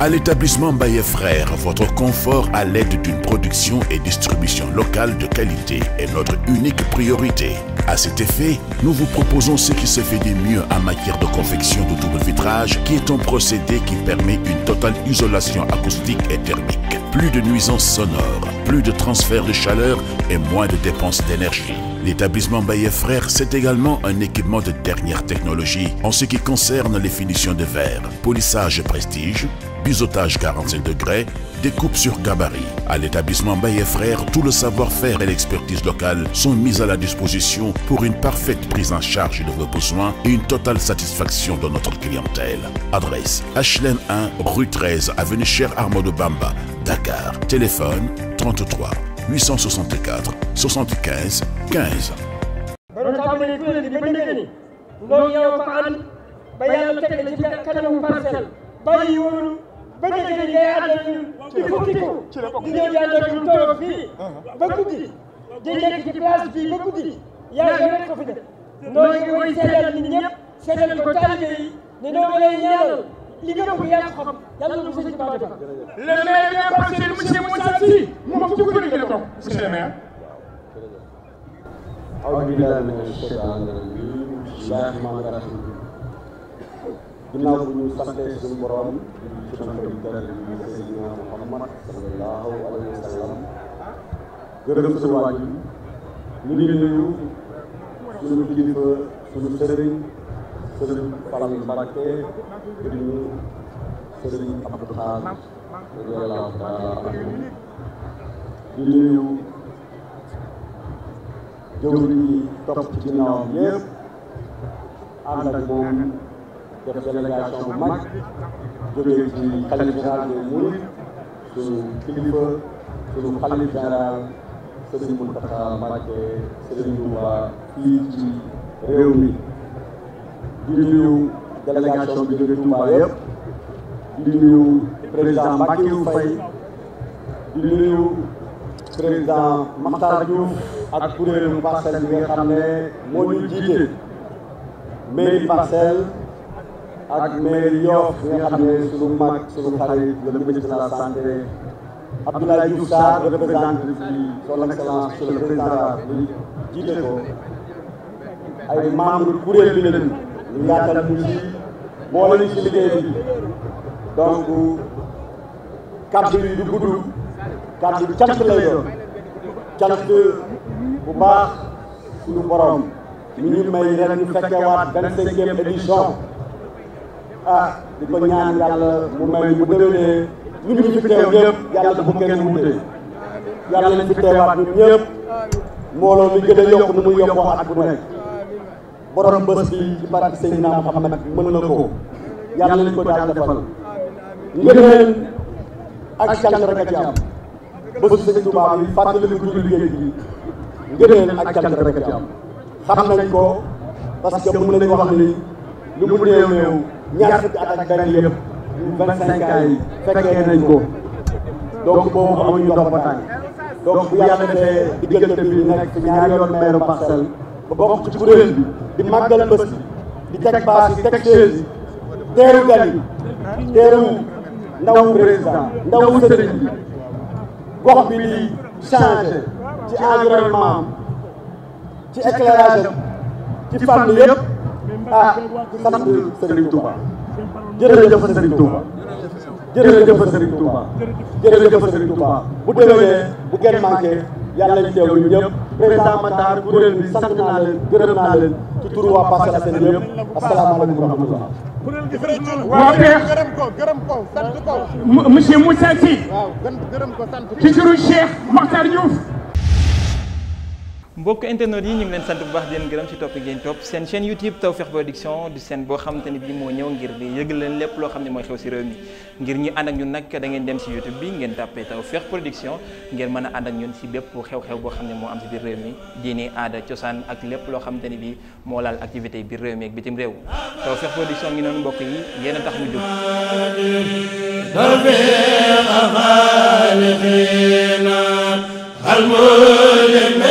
À l'établissement Baye Frères, votre confort à l'aide d'une production et distribution locale de qualité est notre unique priorité. À cet effet, nous vous proposons ce qui se fait de mieux en matière de confection de double vitrage, qui est un procédé qui permet une totale isolation acoustique et thermique. Plus de nuisances sonores, plus de transfert de chaleur et moins de dépenses d'énergie. L'établissement Baye Frères, c'est également un équipement de dernière technologie en ce qui concerne les finitions de verre, polissage prestige, biseautage 45 degrés, découpe sur gabarit. À l'établissement Baye Frères, tout le savoir-faire et l'expertise locale sont mis à la disposition pour une parfaite prise en charge de vos besoins et une totale satisfaction de notre Dakar téléphone 33 864 75 15. ba doon tàmbalee kuréel gi ba léegi loolu yow ko ànd ba yàlla teg la ci kanamu parcelle bàyyi woon ba léegi ngay àndal ñun di ko tikko di ñëw di àndal ñun toog fii ba guddi di nekk ci place bii ba guddi yaa ngi rek ko fi def. loolu ngi koy seedal nit ñëpp seedal ko taalibe yi ne doo li nga bëgg yaa ko xam yàlla na ko sëñ Tuubaa defal. le maire des parcelles monsieur Moussa Sy moom ci gën a gën a toog monsieur le maire. aw bi daal di ne seetaan nga bi laa xamaa nga raxam ginnaaw bu ñu santee suñu borom ci sant bi dara bi Seydina Muhammad sallallahu alayhi wa sallam gërëm suñu waaj yi ñu ngi nuyu suñu kilifa suñu sëriñ Serigne Fallou Mbacké ibnu Serigne Abdou Khadr radiyallahu taala anhu di nuyu jëwriñ yi topp ci yëpp ànd ak moom def délégation bu mag jógee ci xalif général des Mourides suñu kilifa suñu xalif général Serigne Mountakha Mbacké Serigne Touba fii ci réew di nuyu délégation bi jóge Touba yëpp di nuyu président Mbackiou Faye di nuyu président Makhtar Diouf ak kuréelu parcelle bi nga xam ne moo ñu jiite mairie parcelle ak mairie Yoff bi nga xam ne suñu mag suñu xarit le ministre de la santé Abdoulaye Diouf Sarr représente bi son excellence sur le président de la République jiite ko ay membre kuréel bi lañu ñu yaatal ñu ci boole ñu ci liggéey bi donc kaddu yi du gudd kaddu cant lay doon cant bu baax suñu borom ñu ñu may ren ñu fekkewaat vingt-cinquième édition ah di ko ñaan yàlla mu may bu déwénee ñu ñu fi teew ñëpp yàlla bu kenn wute yàlla ñu fi teewaat ñun ñëpp mbooloo mi gën yokk nu muy yokkoo at bu nekk borom bés bi ci barke Seydina Muhammad mën na ko yàlla nañ ko daal defal ngëneel ak cant rek a ci am bés Sëñ Tuubaa bi fàttaliku julli géej gi ngëneel ak cant rek a ci xam nañ ko parce que mën nañu wax ni lu mu néew néew ñaar fukki at ak benn yëpp vingt cinq ans fekkee nañ ko donc boobu amuñu dox ba tànk donc bu yàlla defee diggante bi nekk ñaari yoon meeru parcelle ba bokk ci kuréel bi di màggal bés bi di teg baas yi teg chaise yi teeru gan yi ndawu président ndawu bi gox bi di changé ci environnement am ci éclairage am ci fànn yëpp ah di sant Serigne Touba jërëjëf Serigne Touba jërëjëf Serigne Touba jërëjëf Serigne Touba bu déwénee bu kenn manqué yàlla ñu teewlu ñëpp président Matar kuréel bi sant naa leen gërëm naa leen ci turu waa Parcelles Assainies yëpp asalaamaaleykum wa rahmatulah. waa Cheikh monsieur Moussa Sy ci turu Cheikh Makhtar Diouf. mbokk internet yi ñu ngi leen sant bu baax di leen gërëm topp ngeen topp seen chaîne YouTube Tawfekh Production du seen boo xamante ni bii moo ñëw ngir di leen lépp loo xam ne mooy xew ci réew mi ngir ñu ànd ak ñun nag da dem si YouTube bi ngeen tàppee Tawfekh Production ngeen mën a ànd ak ñun ci bépp xew-xew boo xam ne moo am ci biir réew mi diini aada cosaan ak lépp loo xamante ne bii moo laal activité biir réew mi ak bitim réew Tawfekh Production ngi noonu mbokk yi yéen a tax